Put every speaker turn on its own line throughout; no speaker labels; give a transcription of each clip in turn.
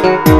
Thank you.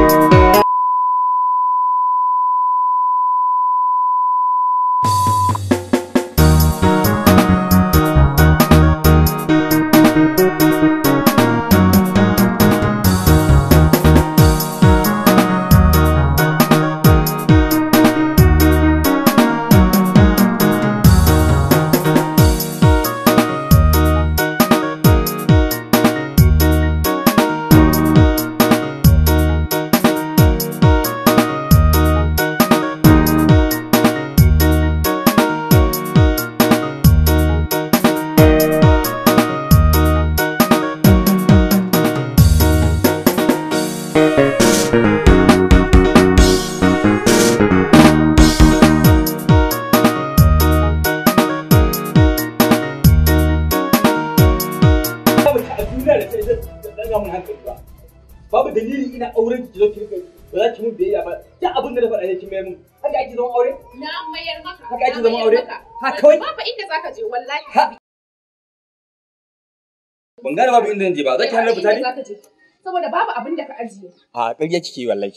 wallahi babu inda je ba zaki hannu fita
ne saboda babu abin da ka ajiye
a ƙarya kike wallahi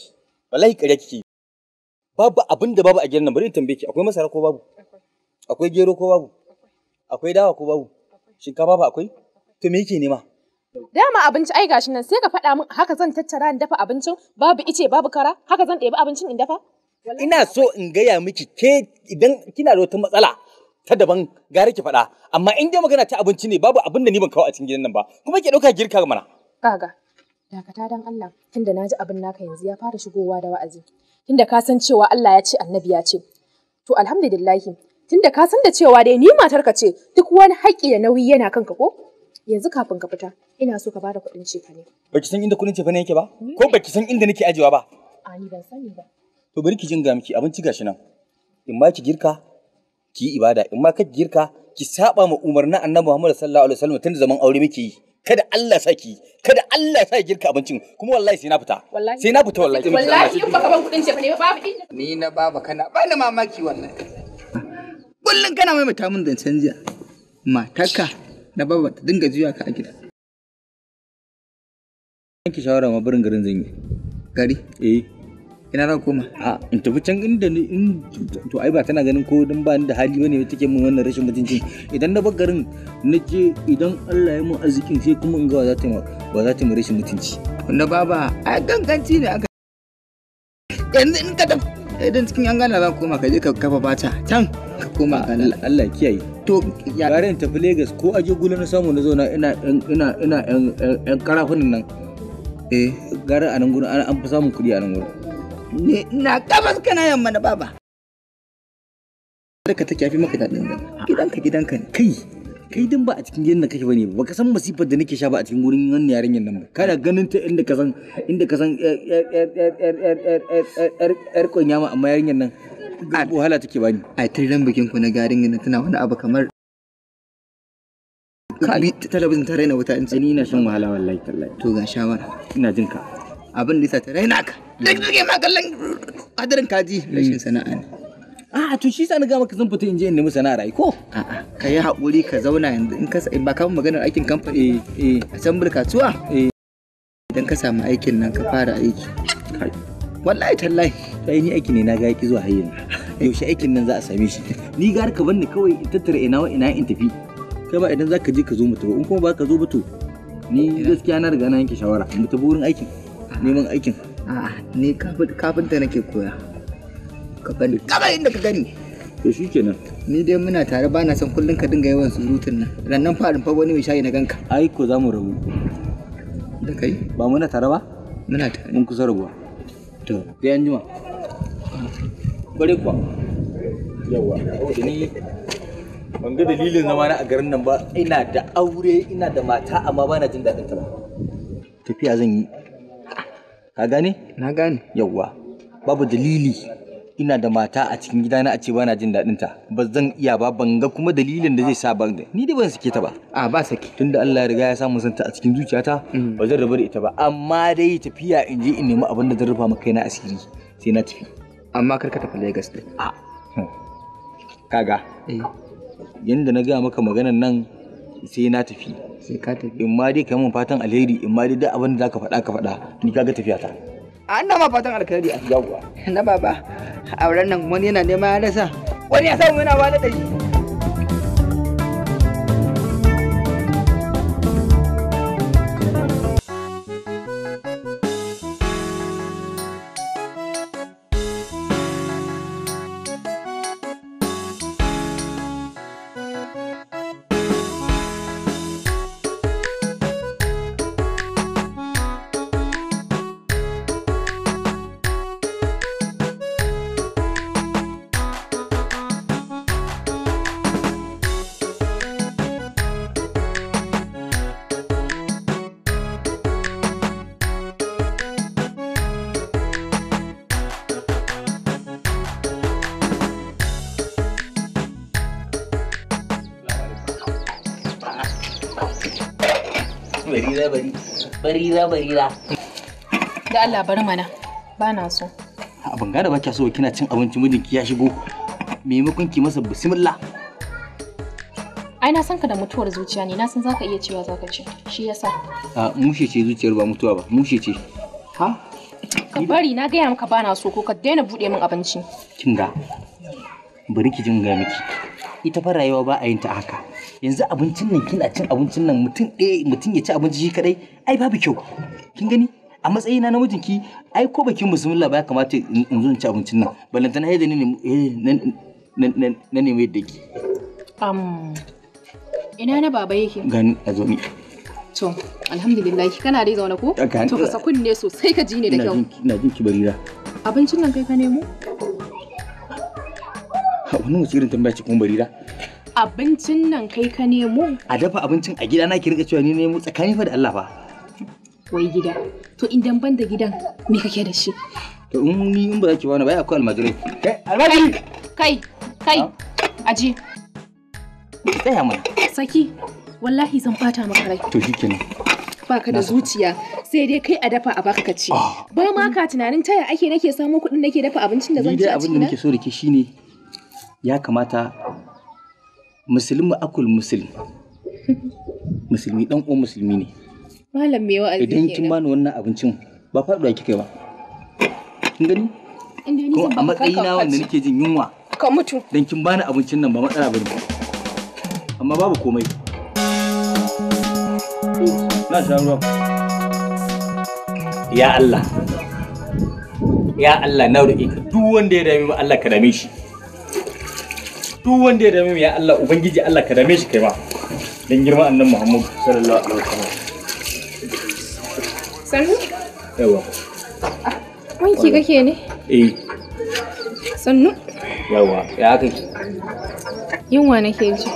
wallahi ƙarya kike babu abin da babu a gidan nan bari tambaye ki akwai masara ko babu akwai gero ko babu akwai dawa ko babu shinkafa ba akwai to me yake nema
Dama abinci ai gashi nan sai ka faɗa min haka zan tattara in dafa abincin babu ice babu kara haka zan ɗebi abincin in dafa
Ina so in gaya miki ke idan kina da wata matsala ta daban gare ki faɗa amma in dai magana ta abinci ne babu abin da ni ban kawo a cikin gidan nan ba kuma ke ɗauka girka mana
kaga dakata dan Allah tunda na ji abin naka yanzu ya fara shigowa da wa'azi tunda ka san cewa Allah ya ce annabi ya ce to alhamdulillah tunda ka san da cewa dai ni matarka ce duk wani haƙƙi da nauyi yana kanka ko yanzu kafin ka fita ina so ka bada kuɗin cefa ne.
Baki san inda kuɗin cefa ne yake ba? Ko baki san inda nake ajiyewa ba?
A ni ban sani ba.
To bari ki jinga miki abinci gashi nan. In ma ki girka ki ibada in ma ka girka ki saba ma umarnin annabi Muhammad sallallahu alaihi wasallam tun zaman aure muke yi kada Allah sa ki kada Allah sa ya girka abincin kuma wallahi sai na fita sai na fita wallahi wallahi in baka ban kudin ce ne babu ni na baba kana ba ni mamaki wallahi kullun kana mai mutamin da canja mataka na baba ta dinga jiya ka a gida ki shawara ma birin garin zan yi gari eh ina na koma a in tafi can inda ni in to ai ba tana ganin ko dan ba ni da hali bane take mun wannan rashin mutunci idan na bar garin na je idan Allah ya mu arzikin sai kuma in ga za ta ba za ta mu rashin mutunci wannan baba a ganganci ne aka yanzu in ka tafi idan cikin yan gana za ka koma ka je ka kafa bata can ka koma Allah kiyaye to ya bare in tafi Lagos ko aje gulu na samu na zauna ina ina ina yan karafin nan eh gara a nan gurin an fi samun kuɗi a nan gurin ne ina gabas kana yamma na baba ka take yafi maka daɗin zama gidanka gidanka ne kai kai din ba a cikin gidan kake ne ba ka san masifar da nake sha ba a cikin gurin wannan yarinyar nan ba kana ganin ta inda ka san inda ka san yar konya ma amma yarinyar nan wahala take bani a tirin bikin ku na garin nan tana wani abu kamar talabijin ta raina wuta in ce ina shan wahala wallahi tallahi to ga shawara ina jin ka abin da yasa ta raina ka mm. duk duk ma kallon hadarin kaji mm. rashin sana'a ne a'a to shi sa na gama ka zan fita in je in nemi sana'a rai ko a'a ka yi haƙuri ka zauna yanzu in ka ba ka maganar aikin kamfani eh, eh. a can kasuwa eh. idan ka samu aikin nan ka fara aiki wallahi tallahi sai ni aiki ne na ga yaki zuwa hayyan yaushe aikin nan za a same shi ni gar ka banni kawai in tattara ina wa ina in tafi kai ba idan ka je ka zo mu tafi in kuma ba ka zo ba to ni gaskiya na riga na yanke shawara mu tafi wurin aikin neman aikin a'a ni kafinta nake koya kafani kamar inda ka gani to shi kenan ni dai muna tare ba na son kullum ka dinga yawan surutun nan rannan farin fa wani mai shayi na ganka ai ko za mu rabu da kai ba muna tare ba muna tare mun kusa rabuwa to sai an jima bare kuwa yawa ni ban ga dalilin zama na a garin nan ba ina da aure ina da mata amma ba na jin daɗin ta ba tafiya zan yi ka gane na gane yawwa babu dalili ina da mata a cikin gida na a ce bana jin daɗin ta ba zan iya ba ban ga kuma dalilin da zai sa ban ni dai ban sake ta ba a ba sake tunda Allah ya riga ya samu santa a cikin zuciyata mm. ba zan rabu da ita ba amma dai tafiya in je in nemi abin da zan rufa maka kaina asiri sai na tafi amma kar ka tafi Lagos din a hmm. kaga eh. yanda na gaya maka maganar nan sai na tafi sai ka tafi in ma dai kai mun fatan alheri in ma dai duk abin da zaka faɗa ka faɗa ni ga tafiya ta an na ma fatan alheri a jagowa na baba auren nan wani yana nema ya rasa wani ya samu yana ba da ɗari barira barira
da Allah bari mana ba na so
abin bangare ba kya so kina cin abinci mijinki ya shigo maimakon ki masa bismillah
ai na san ka da mutuwar zuciya ne na san zaka iya cewa zaka ce shi yasa
a mushe ce zuciyar ba mutuwa ba mushe ce
ha ka bari na gaya maka bana so ko ka daina bude min abinci
kin ga bari ki jin ga miki ita fa rayuwa ba a yin ta haka yanzu abincin nan kina cin abincin nan mutum ɗaya mutum ya ci abinci shi kadai ai babu kyau kin gani a matsayina na mijinki ai ko bakin musulma ba ya kamata in zo in ci abincin nan balantana yadda ne eh, na nemi yadda ke
ina na baba yake
gani a zo ni
to alhamdulillah kana dai zaune ko to ka sakun ne sosai ka ji ne da kyau
ina jin ki barira
abincin nan kai ka nemo
wani wasu irin tambaya ce kuma barira
abincin nan kai ka nemo?
A dafa abincin a gida na ki rika cewa ni nemo tsakani fa da Allah fa.
Wai gida, to idan ban da gidan me kake da shi?
To in ni in ba za ki bani bai akwai almajiri.
Kai, almajiri! Kai, kai, aje. Tsaya mana. Saki, wallahi zan fata maka rai. To shikenan. baka da zuciya sai dai kai a dafa a baka ka ci. Ah. Ba ma ka tunanin taya ake nake samu kuɗin nake dafa abincin da zan ci a cikin. Ni dai abin da nake
so da ke shine ya kamata musulmi akul musulmi musulmi dan uwan musulmi ne
malam me wa'azi idan kin bani
wannan abincin ba faɗuwa kai ba kin gani
ko a na wanda nake jin yunwa ka mutu
dan kin bani abincin nan ba matsala bane amma babu komai na sha ruwa ya Allah ya Allah na roƙe ka duk wanda ya dame ba Allah ka dame shi duk wanda ya dame mu ya Allah ubangiji Allah ka dame shi kai ba dan girma annabi Muhammad sallallahu alaihi wasallam sannu yawa
ah, ki kake ne eh sannu
yawa ya aka ki
yunwa nake ji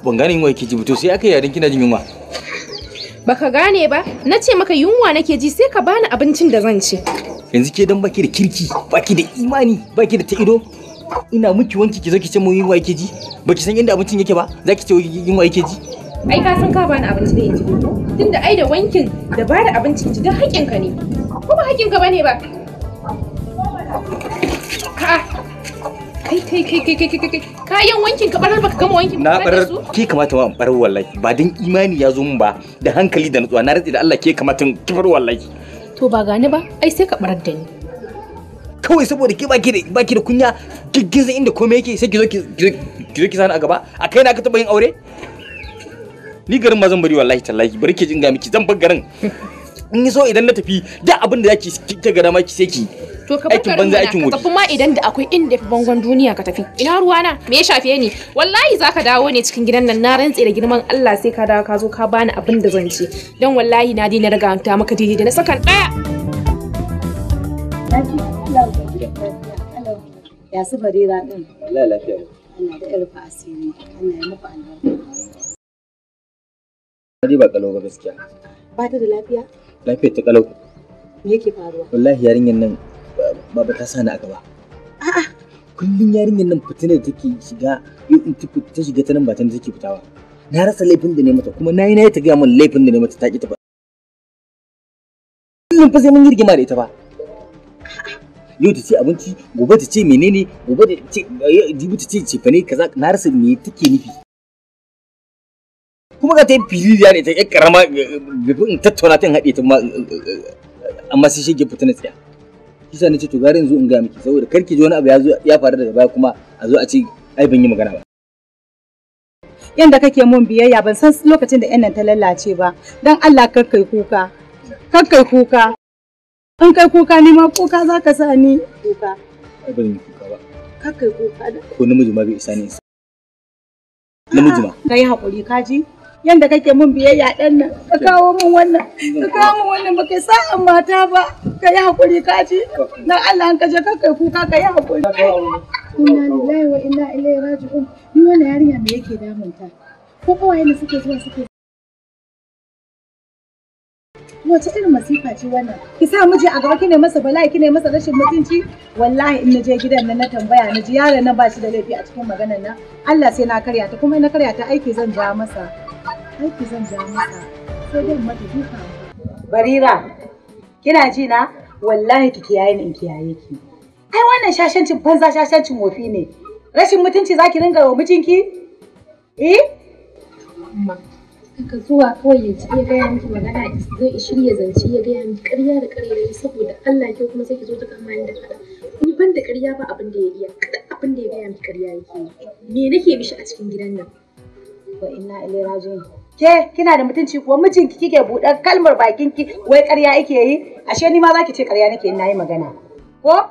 ban gane yunwa kike ji ba to sai aka yarin kina jin yunwa
baka gane ba na ce maka yunwa nake ji sai ka bani abincin da zan ci
yanzu ke dan baki da kirki baki da imani baki da ta ido ina miki wanki ki zo ki ce mun yi yake ji ba ki san inda abincin yake ba za ki ce yunwa yake ji
ai ka san ka bani abinci da yanzu tunda ai da wankin da ba da abincin ki duk haƙin ka ne ko ba haƙin ka bane ba ka kai kai kai kai kai kai kayan wankin ka barar baka gama wankin na barar ke
kamata ma barar wallahi ba dan imani ya zo mun ba da hankali da nutsuwa na rantsi da Allah ke kamata ki bar wallahi to ba gani ba ai sai ka barar da ni kawai saboda ke baki da baki da kunya giggizin inda komai yake sai ki zo ki zo ki sani a gaba a kai na ka taba yin aure ni garin ma zan bari wallahi tallahi bari ke jinga miki zan bar garin in so idan na tafi da abin da zaki ta gada ma ki sai ki
to ka aikin banza aikin wuri tafi ma idan da akwai inda fi bangon duniya ka tafi ina ruwa na me ya shafe ni wallahi zaka dawo ne cikin gidan nan na rantse da girman Allah sai ka dawo ka zo ka bani abin da zan ce dan wallahi na dina riga ta maka daidai da na sakan daya
gida. Ya su
Allah ba ba gaskiya.
Ba ta da lafiya?
Lafiya ta faruwa? nan baba ta a gaba. A'a. Kullum yarinyar nan fitina da take shiga in ta shiga ta nan ba ta take fitawa. Na rasa laifin da ne mata kuma nayi nayi ta gaya min laifin da ne mata ta ki ta ba. Kullum fa sai mun yi da ita ba. yau ta ce abinci gobe ta ce menene gobe ta ce eh, jibi ta ce cefane kaza na rasa me take nufi kuma ga ta yi da ne ta yi karama eh, eh, in tattauna ta haɗe ta amma sai ke fita na tsaya kisa na ce to garin zo in ga miki saboda karki ji wani abu ya faru daga baya kuma a zo a ce ai ban yi magana ba
yanda kake mun biyayya ban san lokacin da yan nan ta lallace ba dan Allah kar kai kuka kar kai kuka an kai kuka ne ma kuka za ka sa ni kuka kuka da
ko namiji ma bai isa ni
yanda kake biyayya ɗan nan ka kawo min wannan ka kawo wannan ba kai sa'an mata ba ka yi hakuri ka ji Allah an ka kai kuka ka yi hakuri inna lillahi wa inna ilaihi raji'un ni wannan yarinya me yake damunta ko zuwa suke wace irin masifa ce wannan ki sa miji a gaba kine masa bala'i kine masa rashin mutunci wallahi in naje gidan nan na tambaya na ji yaron nan bashi da laifi a cikin maganar nan Allah sai na karya ta kuma na karya ta aiki zan ja masa aiki zan ja masa sai dai mata duka barira kina ji na wallahi ki kiyaye ni in kiyaye ki ai wannan shashancin banza shashancin wofi ne rashin mutunci zaki ringa wa mijinki eh daga zuwa kawai ya ci ya gaya miki magana zai shirya zance ya gaya miki ƙarya da ƙarya
saboda Allah ke kuma sai ki zo ta kama ni da faɗa ni ban da ƙarya ba abin da ya iya abin da ya gaya
miki ƙarya yake me nake mishi a cikin gidan nan wa inna ilaihi raji'un ke kina da mutunci kuwa mijinki kike buɗe kalmar bakinki wai ƙarya yake yi ashe ni ma za ki ce ƙarya nake ina yi magana ko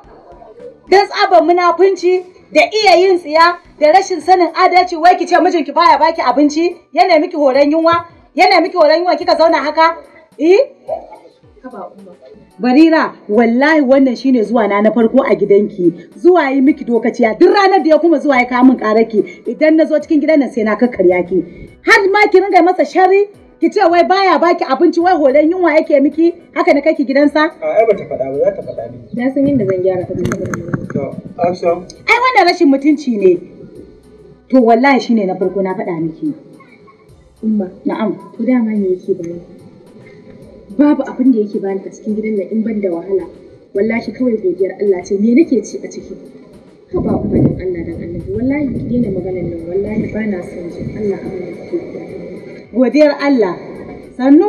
dan tsaban munafunci da iya yin tsiya da rashin sanin adalci wai ki ce mijinki baya baki abinci yana miki horon yunwa yana miki horon yunwa kika zauna haka eh Barira wallahi wannan shine zuwa na na farko a gidanki zuwa yi miki dokaciya duk ranar da ya kuma zuwa ya kawo min karaki idan na zo cikin gidan nan sai na kakkarya ki har ma ki ringa masa sharri ki ce wai baya baki abinci wai horon yunwa yake miki haka na kake gidansa a
ai bata faɗa ba za ta faɗa ne na san yadda zan gyara ta
ai wannan rashin mutunci ne To wallahi shine na farko na faɗa miki. Umma. Na'am. To dama ne yake bani? Babu abin da yake bani a cikin gidan nan in ban da
wahala. Wallahi kawai godiyar Allah ce me nake ci a ciki? Ka ba umma dan Allah
dan Annabi. Wallahi ki ne maganar nan wallahi ba na son ji Allah abin da kike Godiyar Allah. Sannu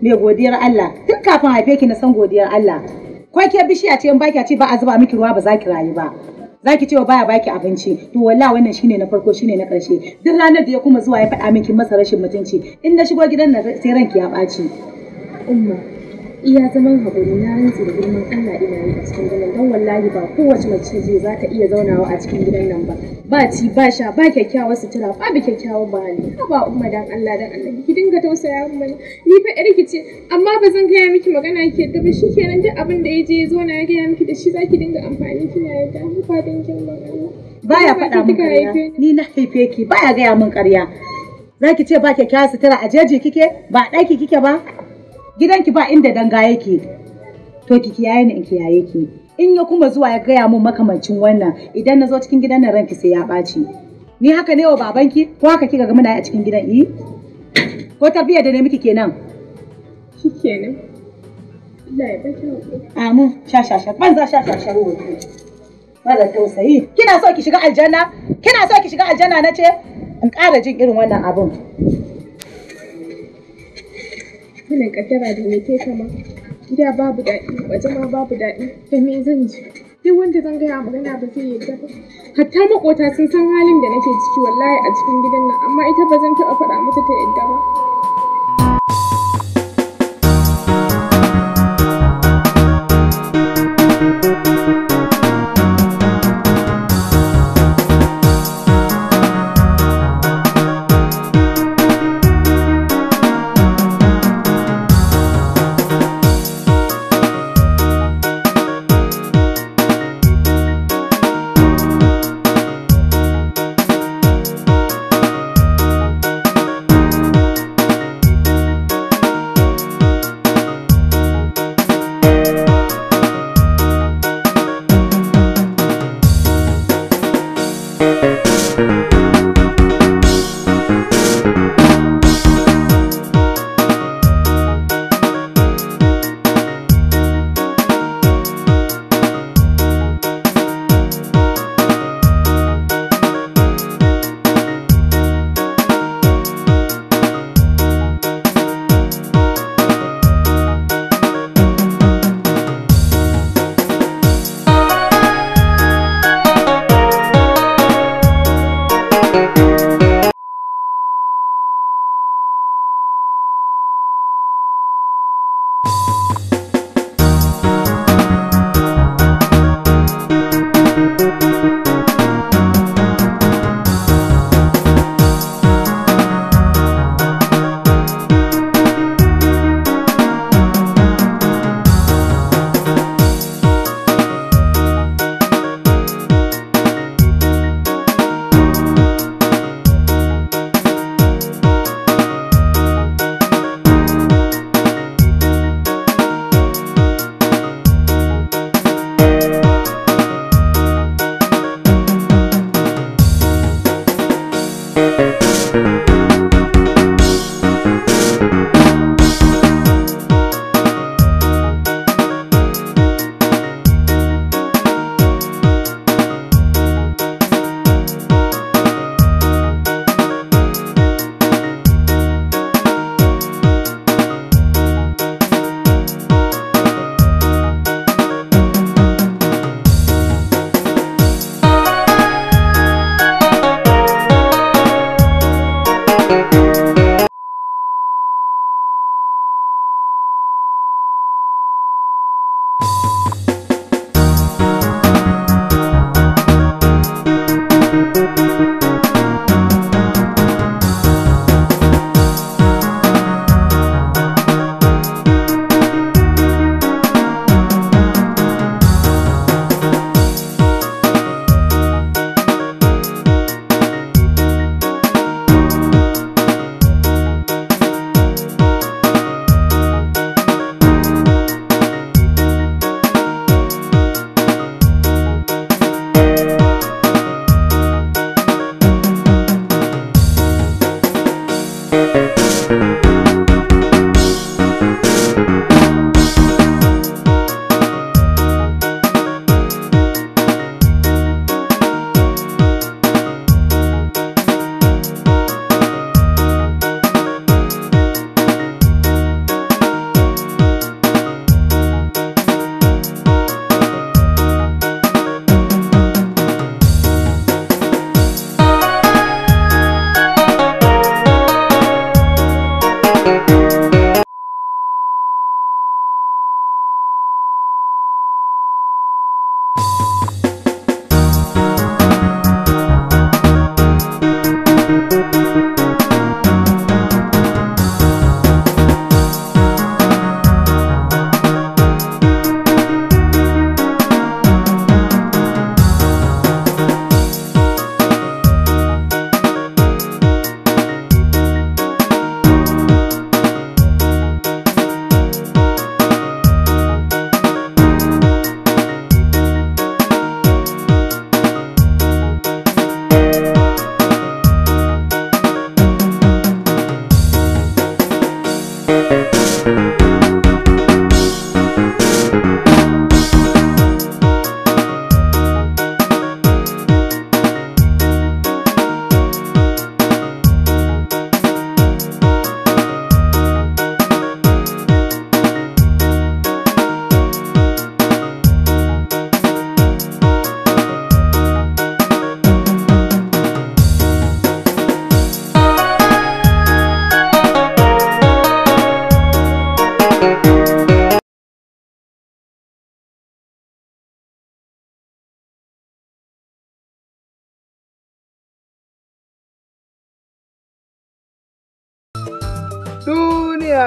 Me godiyar Allah tun kafin haife ki na san godiyar Allah. Ko ke bishiya ce in baki ce ba a zuba miki ruwa ba za ki rayu ba. zaki cewa baya baki abinci to wallahi wannan shine na farko shine na karshe duk ranar da ya kuma zuwa ya faɗa min kin masa rashin mutunci in na shigo gidan nan sai ranki ya ɓaci umma iya zaman haƙuri na rantsi da girman Allah ina yi a cikin gidan don wallahi ba kowace mace ce za ta iya zaunawa a cikin
gidan nan ba ba ci ba sha ba kyakkyawar sutura ba bi kyakkyawar bahali ha ba umma dan Allah dan Allah ki dinga tausaya min mana ni fa yar ki ce amma ba zan gaya miki magana ki yadda ba shikenan duk abin da je ya zo na gaya miki da shi ki dinga amfani na yadda mu fatan kin ba baya faɗa min karya,
ni na haife ki baya gaya min ƙarya zaki ce ba kyakkyawar sutura a jeji kike ba ɗaki kike ba gidanki ba inda danga yake to ki kiyaye ni in kiyaye ki in ya kuma zuwa ya gaya mun makamancin wannan idan na zo cikin gidan nan ranki sai ya ɓaci ni haka ne wa babanki ko haka kika ga muna a cikin gidan yi eh. ko tarbiyyar da ne miki kenan shikenan amin sha sha sha za sha sha sha mara tausayi kina so ki shiga aljanna kina so ki shiga aljanna nace in ƙara jin irin wannan abun
kalan kaddara da me ke kama
gida babu daɗi
waje ma babu daɗi da me zan ji duk wanda zan gaya magana ba zai yarda ba hatta makota sun san halin da nake ciki wallahi a cikin gidan nan amma ita ba zan taɓa faɗa mata ta yarda ba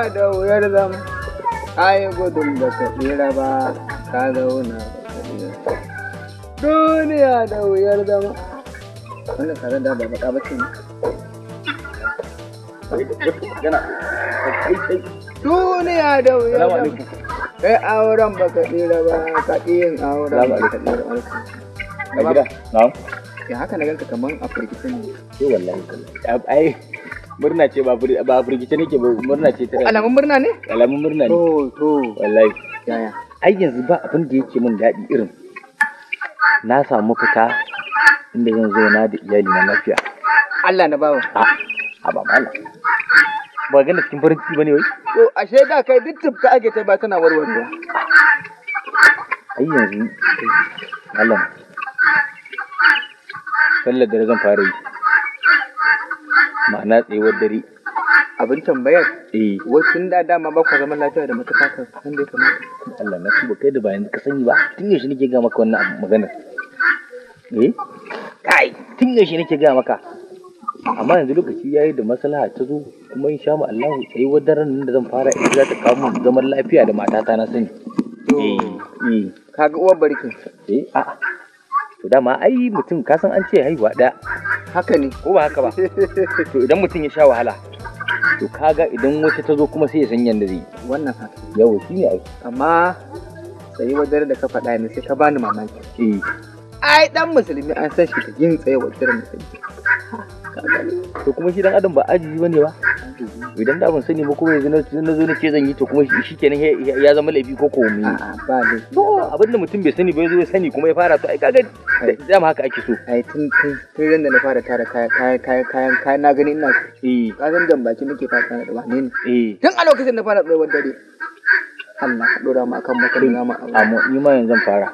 da wuyar zama yi gudun da ka tsira ba ka zauna da duniya da wuyar zama tare da ba baka bace ne duniya da wuyar zama kai auren ka tsira ba ka yin auren ba ka tsira ba murna ce ba ba firgice nake ba murna ce ta alamun murna ne alamun murna ne to to wallahi yaya ai yanzu ba abin da yake min daɗi irin na samu fita inda zan zo na da iyali na lafiya Allah na bawa ah, a ba mala ba gana cikin farin ciki bane wai to ashe da kai duk tufka ake ta ba tana warwarewa ai yanzu Allah sallar da zan fara yi
ma'ana tsayuwar dare
abin tambayar eh wacin da dama ba ku zaman lafiya da mata fata san da kamata Allah na tuba kai da bayan ka sani ba tun yaushe nake ga maka wannan magana eh kai tun yaushe nake ga maka amma yanzu lokaci yayi da maslaha ta zo kuma insha Allah Allah tsayuwar daren nan da zan fara in za ta kawo mun zaman lafiya da matata na sani eh eh kaga uwar barkin eh a'a to dama ai mutum kasan an ce haihuwa da haka ne ko ba haka ba to idan mutum ya sha wahala to kaga idan wata ta zo kuma sai ya san yanda zai wannan haka yawo ne ai amma sai wadar da ka faɗa ne sai ka bani mamaki eh ai dan musulmi an san shi da yin tsaye wa kiran musulmi to kuma shi dan adam ba ajiyi bane ba idan da ban sani ba kuma yanzu na zo nake zan yi to kuma shi kenan ya zama laifi ko komi ba ne to abin da mutum bai sani ba ya zo ya sani kuma ya fara to ai kaga dama haka ake so ai tun tun tun da na fara tara kayan kayan kayan kayan na gani ina eh ka san dan baki nake fara tara da ba ne eh tun a lokacin na fara tsayawar dare Allah ka dora mu akan makarin nama mu ni ma yanzu fara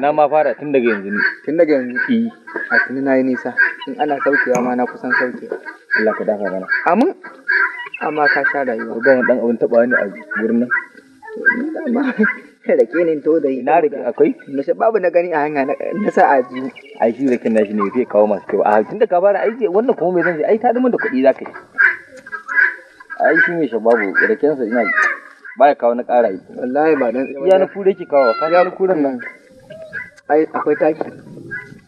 na ma fara tun daga yanzu ne tun daga yanzu eh a tuni na yi nisa in ana saukewa ma na kusan sauke Allah ka dafa mana amin amma ka sha rayuwa ba wani dan abin taba ne a gurin nan rake ne to da na rake akwai na babu na gani a hanya na sa a ji a shi rake na shi ne zai kawo masu kyau a tun da ka fara aiki wannan kuma mai zan ai ta dumin da kuɗi za ka yi ai shi mai shababu rakensa ina ba ya kawo na ƙara yi wallahi ba dan iya na fure ki kawo ka ga kuren nan ai akwai taki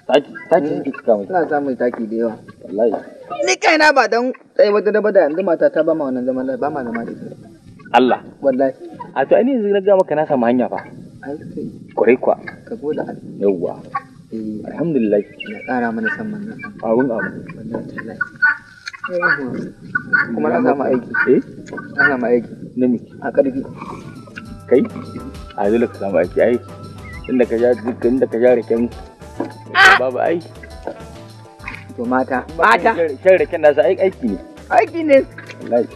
taki taki ne hmm. mai ina samun taki da yawa wallahi ni kaina ba dan tsaye wata daba da yanzu mata ta ba ma wannan zaman ba ma zama da Allah wallahi a to ai yanzu na maka na samu hanya fa kwarai kwa ka gode yawwa eh. alhamdulillah tsara mana san abun abu
kuma na samu aiki eh na samu
aiki a kai a dole ka samu aiki aiki inda ka ja inda ka ja raken ah! babu ai to mata mata shan raken nasa sai aiki ne aiki ne wallahi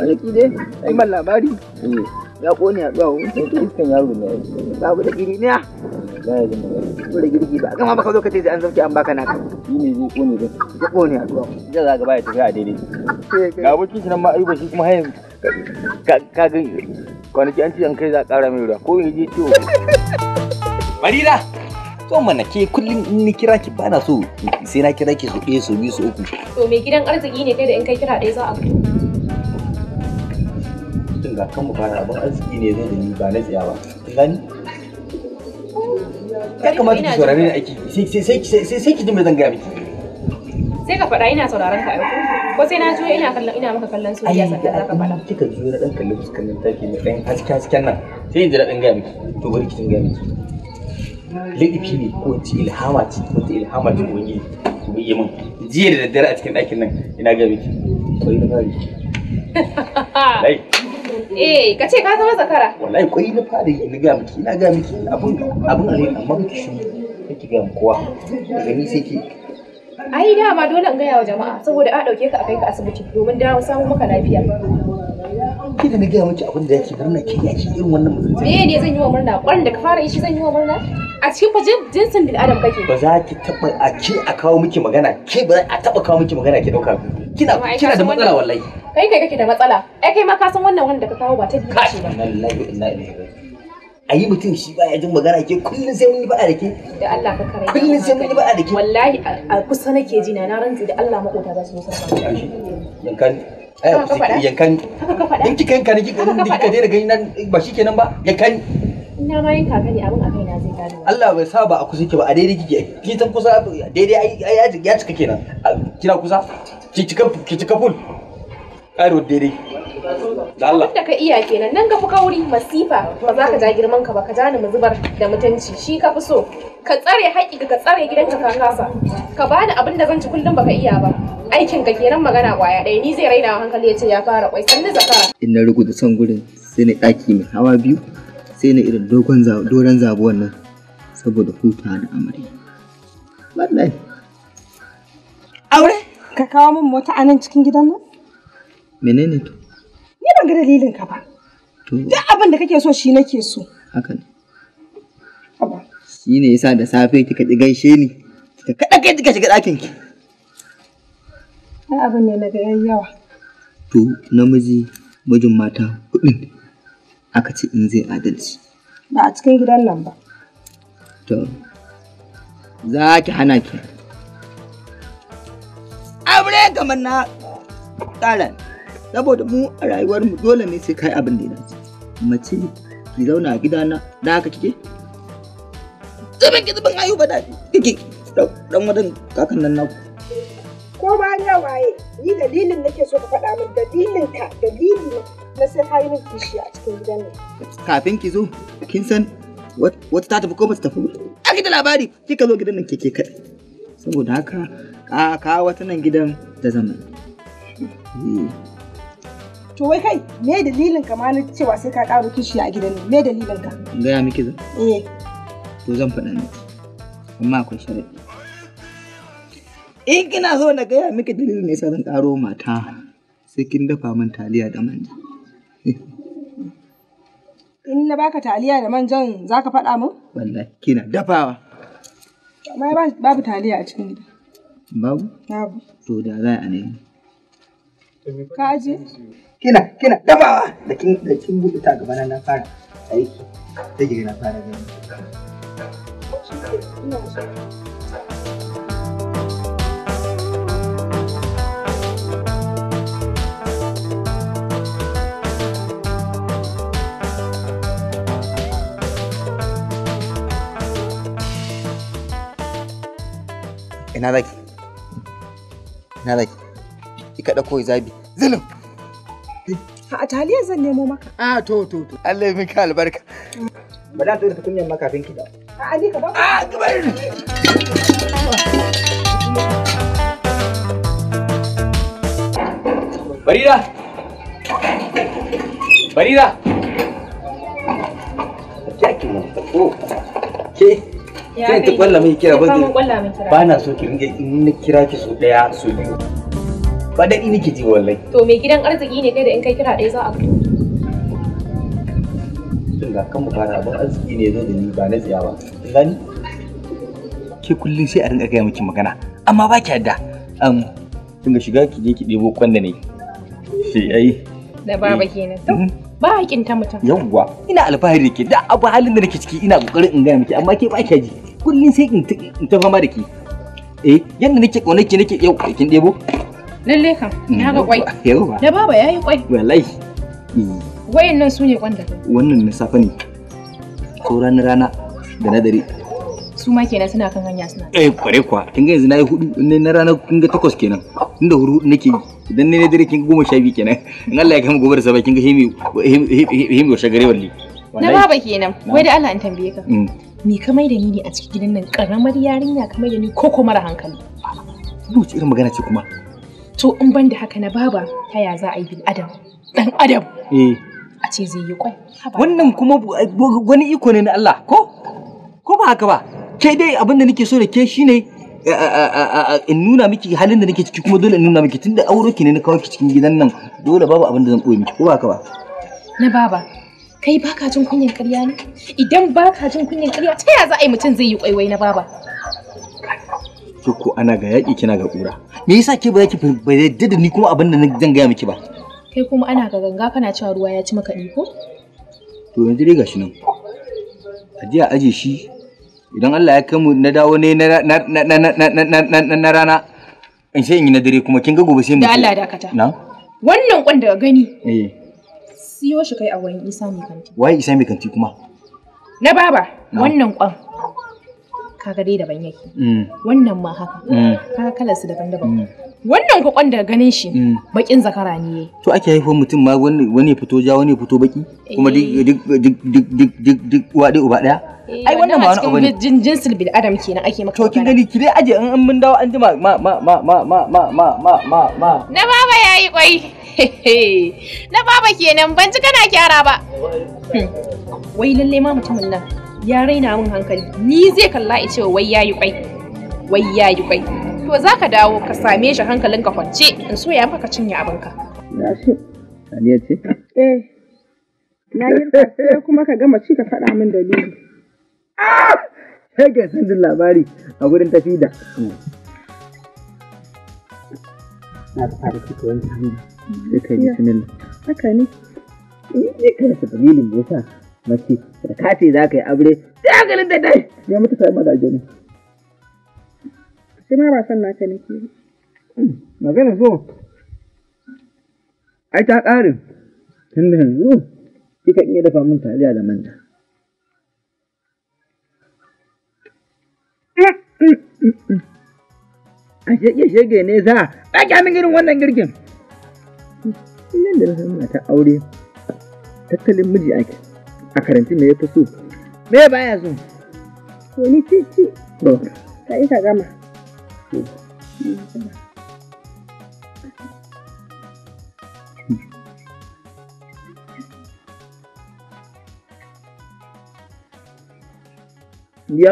aiki ne ai mal labari eh. ya kone a tsawo iskan yaro ne babu da giri ne ko da girgi ba baka zo ka ce an zauke an baka naka shi ne zai kone din ya kone a tsawo ja za ka baya tafiya a daidai ga abokin shi nan ma ayuba shi kuma hayan ka ga kwanaki an ce an kai za a kara mai ruwa ko in je ciwo Barira, to mana ke kullum in ni kira ki bana so sai na kira ki so ɗaya so biyu so uku.
To me gidan arziki ne kai da in kai kira ɗaya za a gudu.
Tun ga kanmu bana abin arziki ne zai da ni ba na tsiya ba. Gani?
Ya kamata ki saurare ni
aiki sai ki ji me zan gaya miki.
Sai ka faɗa ina sauraron ka aiko. Ko sai na juya ina kallon ina maka kallon soyayya
sannan za ka faɗa. Kika juya na ɗan kallon fuskan nan take mai ɗan haske hasken nan sai in ji daɗin gaya miki. To bari ki tun gaya miki. laifi ne ko in ce ilhama ce ta ilhama ce wani kuma yi min jiya da daddare a cikin ɗakin nan ina ga miki kwai na fari lai
eh ka ce ka zama zakara
wallahi kwai na fari ina ga miki ina ga miki abun abun alai amma miki shi kake ga kowa daga ni sai ki
ai dama dole in gaya wa jama'a saboda a ɗauke ka a kai ka asibiti domin dawo samu maka lafiya
ki da na gaya miki abin da yake murna ke yake irin wannan mutum. me ne
zan yi wa murna ƙwarin da ka fara yi shi zan yi wa murna a cikin fa jinsin bil adam kake ba
za ki taba a ki a kawo miki magana ke ba a taba kawo miki magana ki dauka kina kina da matsala wallahi
kai kai kake da matsala ai kai ma ka san wannan wanda ka kawo ba ta biyu ce ba
wallahi inna ilaihi a yi mutum shi ba ya jin magana ke kullum sai mun yi ba'a da ke
da Allah ka kare
kullum sai mun yi ba'a da ke
wallahi a kusa nake ji na na rantsi da Allah makota za su musa
yankan ai yankan haka ka faɗa in kika yanka ne kika daina gani nan ba shikenan ba yankan
Ina ma yin abin a kaina zai gano.
Allah bai sa ba a kusa ke ba a daidai kike. Ki san kusa daidai ai ya cika kenan. Kina kusa? Ki cika ki cika full. Ƙaro daidai. Da Allah.
da ka iya kenan nan ga fa kauri masifa ba za ka ja girman ka ba ka ja ni da mutunci shi ka fi so. Ka tsare haƙi ka tsare gidanka ka kasa. Ka bani abin da zan ci kullum baka iya ba. aikin ka kenan magana kwaya ɗaya ni zai raina hankali ya ce ya fara kwai sannu zakara
in na rugu da son gurin sai ni ɗaki mai hawa biyu sai na irin dogon doron zabuwan nan saboda huta da amare.
wallahi aure ka kawo min mota a nan cikin gidan nan menene to ni ban ga dalilin ka ba duk abin da kake so shi nake so
haka ne shi ne yasa da safe kika ji gaishe ni Ka kada kai kika shiga ɗakin ki
ai abin ne na ga yawa
to namiji mijin mata kuɗin aka ce in zai adalci
ba a cikin gidan nan ba
to za ki hana ki
aure kamar na tsara
saboda mu a rayuwar mu dole ne sai kai abin da ya dace mace ki zauna a gidana da haka kike zubin ki zubin ayuba da kike dan wadan kakan nan naku
ko ba ni waye ni dalilin nake so ka faɗa min dalilin ka dalilin na sai ka yi min kishi a cikin gidan nan.
Kafin ki zo, kin san wata ta tafi ko bata tafi. A gida labari kika zo gidan nan keke kaɗai. Saboda haka ka kawo wata nan gidan da zama. Eh.
To wai kai me dalilin ka mani cewa sai ka ƙaro kishi a gidan nan me dalilin ka?
Gaya miki zan? Eh. To zan faɗa miki. Amma akwai sharaɗi.
In kina so na gaya miki dalilin ne sa zan
ƙaro mata sai kin dafa min taliya da manja.
In na baka taliya da manjan za ka faɗa mu?
Wallahi kina dafawa.
Amma babu taliya a cikin gida. Babu? Babu.
To da za a nemi. Ka aje? Kina
kina dafawa
da kin da kin buɗe ta gaba na fara aiki. Take na fara gani. Ina so. ina zaki ina zaki ki kada koi zabi zulum
a taliyar zan nemo maka a ah, to to to Allah ya miki albarka
ba za ta kunyan maka kafin ki da
a ali ka ba ah, a gabar
Barira Barira Jackie, oh, okay.
kai ta kwalla mai kira ba na
so ki ringa in na kira ki so daya so biyu ba da ni nake ji wallahi
to me gidan arziki ne kai da in kai kira daya za a fito
tun ga kan fara abin arziki ne zo da ni ba na tsiya ba gani ke kullum sai a ringa gaya miki magana amma ba ki yadda um kin ga shiga ki je ki debo kwanda ne sai ai
da baba eh. kenan mm-hmm. ba hakin ta mutum. Yawwa,
ina alfahari ke da abu halin da nake ciki ina kokarin in gaya miki amma ke ba ki ji. kullum sai in ta fama da ki eh yanda nake kaunar ki nake yau kin debo
lalle kam na ga kwai da baba yayi kwai wallahi wayan nan su ne kwanda
wannan na safa ne sauran na rana da na dare
su ma kenan suna kan hanya suna
eh kware kwa kin ga yanzu nayi hudu ne na rana kin ga takwas kenan inda huru nake idan ne na dare kin goma sha biyu kenan in Allah ya kama gobe da sabai kin ga himi himi himi wa shagare walli na baba kenan wai da Allah
an tambaye ka me ka mai da ni ne a cikin gidan nan karamar yarinya ka mai da ni koko mara hankali
ce irin magana ce kuma
to in ban da haka na baba ta ya za
a yi bil adam dan adam eh a ce zai yi kwai wannan kuma wani iko ne na Allah ko ko ba haka ba kai dai abin da nake so da ke shine in nuna miki halin da nake ciki kuma dole in nuna miki tunda aure ki ne na kawo ki cikin gidan nan dole babu abin da zan boye miki ko ba haka ba
na baba kai baka jin kunyan ƙarya ne idan baka jin kunyan ƙarya ta yaya za a yi mutum zai yi kwaiwai na baba
ke ko ana ga yaki kina ga kura, me yasa ke ba yaki ba yadda da ni kuma abin da zan gaya miki ba
kai kuma ana ga ganga kana cewa ruwa ya ci maka ko
to yanzu dai gashi nan a je a aje shi idan Allah ya kai mu na dawo ne na rana in sai in yi na dare kuma kin ga gobe sai mu da Allah dakata na wannan
kwan daga gani eh siyo shi kai a wurin isa mai kanti
waye isa mai kanti kuma
na baba wannan kwan kaga dai daban yake mm. wannan ma haka mm. kaga kalar su daban-daban mm. wannan kwakwan da ganin shi mm. bakin zakara ne
to ake haifar mutum ma wani fito ja wani fito baki kuma eh. duk duk uwa ɗaya uba daya eh, ai wannan ba wani abu ne cikin
jinsin bil adam
kenan ake maka to kin gani ki dai aje in mun dawo an jima ma ma ma ma ma ma ma ma ma ma na baba yayi kwai
na baba kenan ban ji kana kyara ba hmm. wai lalle ma mutumin nan ya raina min hankali ni zai kalla ice ce wai yayi kwai wai yayi kwai to za ka dawo ka same shi hankalin ka kwance in so ya maka cinye abinka. Na
so, Aliya ce?
Eh,
na girka sai kuma ka gama ci ka faɗa
min dalili. Sai ke san jin labari a gurin tafi da. Na fara kika wani hannu. Sai ka yi sinin. Haka ne. Ni kai da dalilin da ya sa mace da kace za ka yi aure. Sai hankalin da dai. Ya mutu sai da ne. sai ma ba
son naka nake ba.
Hmm, Magana so, ai ta ƙarin, tun da yanzu kika iya dafa min taliya da manta. Hmm, hmm, a shege shege ne za
a ƙya min irin wannan girkin.
Kullum da na san muna ta aure, tattalin miji ake, a karanci me ya fi so.
Me baya so? Wani cici. Ka yi ka gama. ya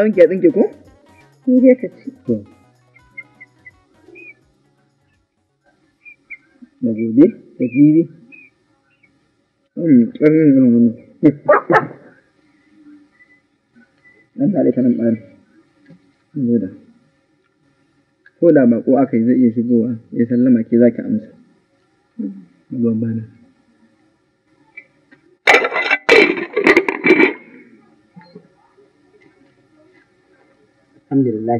ki a tsinke ko? Ni dai ta ce.
Na gobe, ta jibi. Ƙarfin ganin kanan ɓari. Zoda. ko da bako aka yi zai iya shigowa ya sallama ke za ki amsa babana alhamdulillah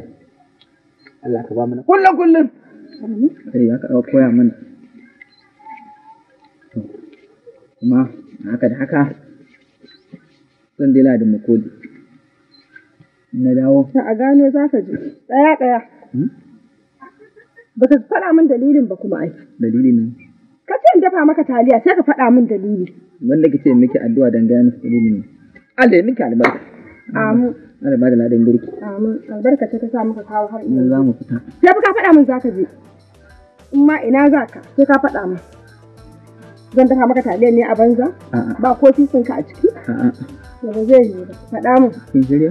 Allah ka ba mana
kullum kullum
kai eh, ya kaɗa koya mana kuma haka da haka zan dila
da makoli na dawo ta a gano za ka ji Ɗaya ɗaya. Hmm? Ba ka faɗa min dalilin ba kuma ai. Dalili ne. Ka ce in dafa maka taliya sai ka faɗa min dalili.
Wanda ka ce miki addu'a dan gaya miki dalili ne. Allah ya miki albarka. Amin. Allah ba da ladan girki.
Amin. Albarka ce ta sa muka kawo har ina. Za mu fita. Sai fa ka faɗa min za ka je. In ma ina za ka sai ka faɗa min. Zan dafa maka taliya ne a banza? Ba ko ka a ciki? A'a. Ba zai yi ba.
Faɗa min. Kin shirya?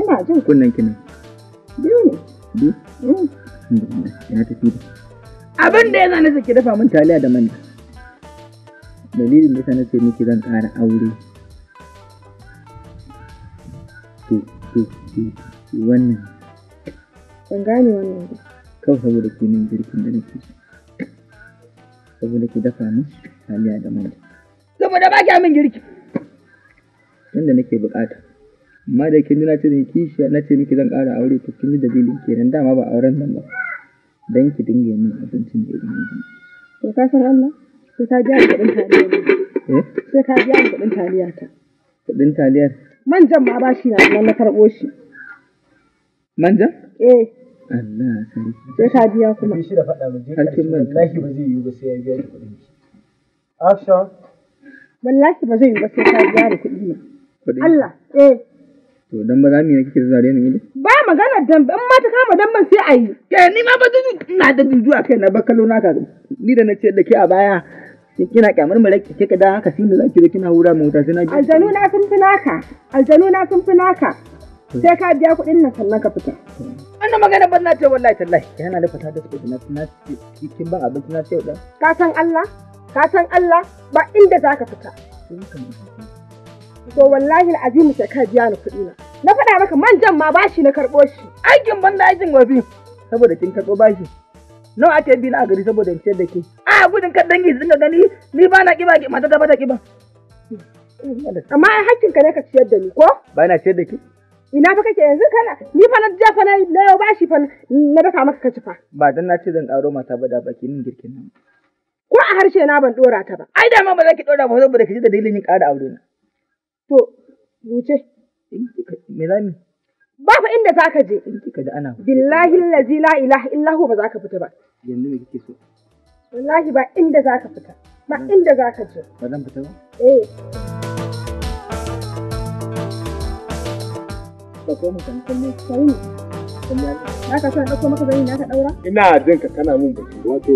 Ina jin kunnen kina. Biyu ne. Biyu? Mm. lokacin da ya
tafi da ki dafa min taliya da manja
dalilin da na ce miki zan ƙara aure to to saboda ki dafa min taliya da
ba ki min girki
yanda nake bukata amma da kin ji na ce da shi na ce miki zan ƙara aure to kin ji dalilin kenan dama ba auren nan ba dan ki dinga yin abincin da yake yi
to ka san Allah sai ka biya kuɗin taliya eh sai ka biya kuɗin taliya ta
kuɗin taliyar
manjan ma ba shi na na karɓo shi
manjan eh Allah sarki sai ka biya kuma shi da faɗa mu je wallahi ba zai yi ba sai ya biya kuɗin action
wallahi ba zai yi ba sai ka biya da kuɗi Allah eh
To dan ba za mu yi kike zare ni ido?
Ba magana dan in ma ta kama dan ban sai a yi. Kai ni ma ba dudu ina da dudu a kai na ba kallo na ka ni da na ce da ke a baya kina kyamar mu rake kika da haka sinu zaki da kina hura mu wuta sai na ji. Aljanu na sun fi naka. Aljanu na sun fi naka. Sai ka biya kuɗin nan sannan ka fita. Wannan magana ban na ce wallahi tallahi yana da fata da kuɗi na na kin ban abinci na ce da. Ka san Allah? Ka san Allah ba inda zaka fita. to wallahi al'azim sai ka biya ni kuɗi na na faɗa maka manjan ma bashi na karɓo shi aikin banda aikin wafi saboda kin karɓo bashi nawa ake bi na a gari saboda in ciyar da ke a gudun kan dangi sun ga gani ni ba na kiba ki mata ta bata kiba amma ai hakkin ka ne ka ciyar da ni ko
ba na ciyar da ki
ina fa kake yanzu kana ni fa na jafa na na yau bashi fa na daka maka ka fa
ba dan na ce zan karo mata ba da baki nin girkin nan
ko a harshe na ban dora ta ba ai da ma ba za ki dora ba saboda ki ji da dalilin yin ƙara aure na To, wuce. Me za mu? Ba fa inda za ka je. In kika da ana. Billahi lazi la ilaha illahu ba za ka fita ba.
Yanzu me kike so?
Wallahi ba inda za ka fita. Ba inda za ka je. Ba zan fita ba? Eh. Ba ko mu kan kalle sai. Na ka san ɗauko maka zani na ka ɗaura?
Ina jin ka kana mun baki. Wato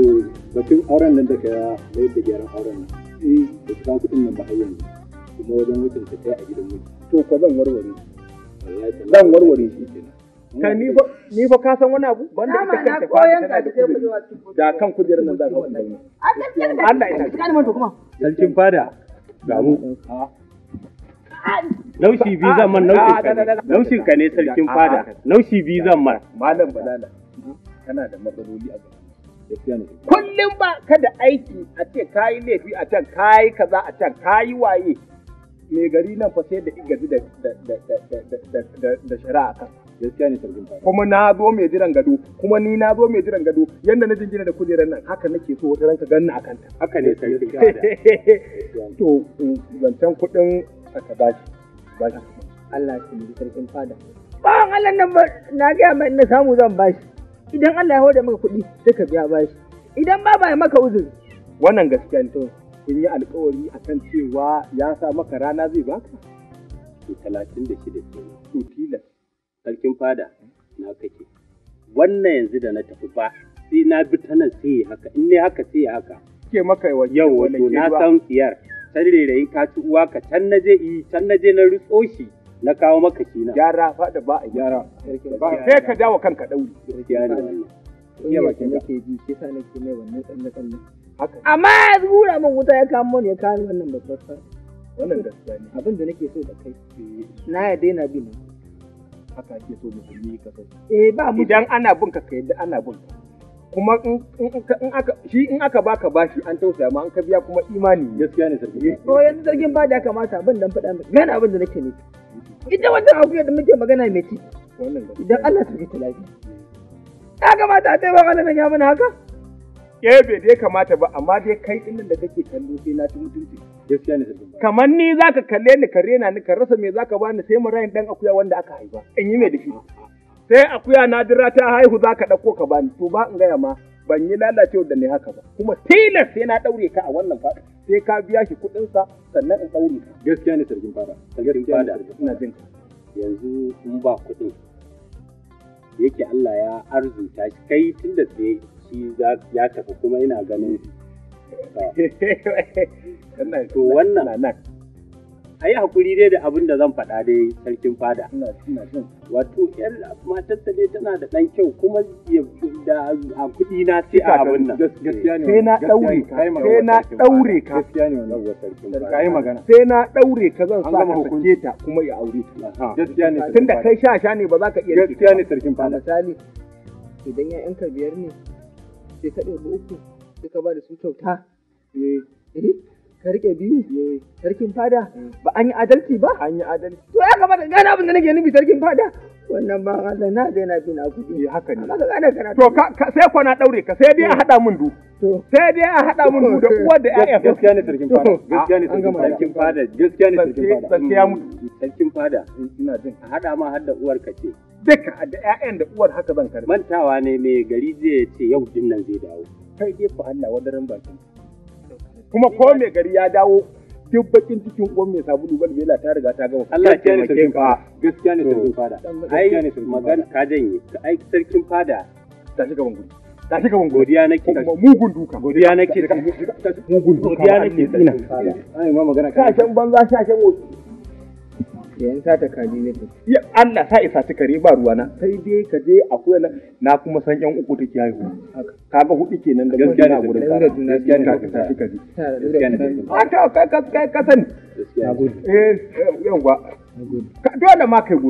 batun auren nan da ka yi da gyaran auren nan. Eh, da ka kuɗin nan ba har yanzu. kuma wajen ta kai a gidan miji to ko zan warware shi. zan warware shi kenan ka ni fa ni fa ka san wani abu banda ka ita kanta fa da da kan kujerar nan za ka wanda
fada Allah ya tafi kalman to kuma
sarkin fada ga mu ah. Naushi bi ah, zan man naushin ah, ka ne, naushin ka ne sarkin fada, naushi bi zan man. Malam Balala, kana da matsaloli a gaba. Kullum ba kada aiki a ce kayi laifi a can, kayi kaza a can, kayi waye, mai gari nan fa sai da igaji da da shari'a kan gaskiya ne sarkin kuma na zo mai jiran gado kuma ni na zo mai jiran gado yanda na jingina da kujerar nan haka nake so wata ranka ganna akan ta haka ne sarkin fara to um, zancen kuɗin aka bashi bashi Allah ya tsini sarkin fada
bawan Allah nan
na gaya mai na samu zan bashi idan Allah ya hoda maka kuɗi sai ka biya bashi idan ba ba maka uzuri wannan gaskiya ne to kun yi alkawari akan cewa ya sa maka rana zai baka? To talatin da shida ke su tilas sarkin fada na kake. Wannan yanzu da na tafi ba sai na bi ta nan sai haka in ne haka sai haka. Ke maka yau wato na san siyar. Can rerayin ka ci uwa ka can na je yi eh, can na je na rutso shi na kawo maka kina. Gyara fada ba a gyara. Sai ka dawo kanka ɗauri. Eh, yawa ke nake ji shi nake mai wannan tsalle tsalle
amma ya zura
min wuta ya kamo ne ya kawo wannan babbar sa wannan gaskiya ne abin da nake so da kai eh, na ya daina bin haka ake so ka kai eh ba mu idan ana bin ka kai ana bin ka kuma in aka shi in aka baka bashi an tausaya ma an ka biya kuma imani gaskiya ne sarki eh, to
yanzu zargin ba da ya kamata abin dan faɗa maka gane abin da nake ne mm-hmm. ita wannan akuya da muke magana mai ci idan Allah ta
ta lafiya ya kamata a taimaka nan ya mana haka eh bai dai kamata ba amma dai kai din da kake kallo sai na ci mutunci gaskiya ne kamar ni zaka kalle ni ka rena ni ka rasa me zaka bani sai mu rayin dan akuya wanda aka haifa in yi me da shi sai akuya na dira ta haihu zaka dauko ka bani to ba in gaya ma ban yi lalacewa da ni haka ba kuma tilas sai na daure ka a wannan fada sai ka biya shi kuɗin sa sannan in daure ka gaskiya ne sarkin fada sarkin fada ina jin ka yanzu in ba kuɗin da yake Allah ya arzuta shi kai tun da tsaye shi ya tafi kuma ina ganin to wannan a yi hakuri dai da abin da zan faɗa dai sarkin fada. Wato ‘yan matarsa dai tana da ɗan kyau kuma da a kuɗi na sai a abin nan. Sai na ɗaure ka, sai na ɗaure ka. magana. Sai na ɗaure ka zan sa ka sake ta kuma ya aure ta. Gaskiya ne. da kai sha sha ne ba za ka iya riƙe. Gaskiya ne sarkin fada. Misali idan ‘ya'yanka biyar ne sai ka ɗebi uku sai ka ba da su kyauta. ka rike biyu eh. sarkin fada eh. ba an yi adalci ba an yi adalci to ya
kamata gane abin da nake nufi sarkin fada
wannan ba Allah na zai na bi na kudi eh, haka ne ka gane kana to ka sai ko na daure ka sai dai a hada mun du sai dai a hada mun du da uwar da ƴaƴa gaskiya ne sarkin fada gaskiya ne ah, sarkin fada gaskiya ne sarkin fada gaskiya mu mm. sarkin fada ina jin a hada ma har da uwar ka ce duka da ƴaƴan da uwar haka zan karbi mantawa ne mai gari zai ce yau din nan zai dawo kai dai fa Allah wadarin bakin kuma ko mai gari ya dawo duk bakin cikin uwan mai sabulu bal bela ta riga ta gama Allah ya sarkin fada gaskiya ne sarkin fada ai magana ka janye ai sarkin fada shiga gaban ta shiga gaban godiya nake da mugun duka godiya nake mugun duka godiya nake ina ai ma magana ka shan banza sha shan wofi yan sata kaji ne ya Allah sa isa ta kare ba na. sai dai ka je akwai na kuma san yan uku take haihuwa kaga hudu kenan da gaskiya na gurin ka gaskiya ne sa kaji
gaskiya
ka ka ka ka san eh, eh
dole ma kai gode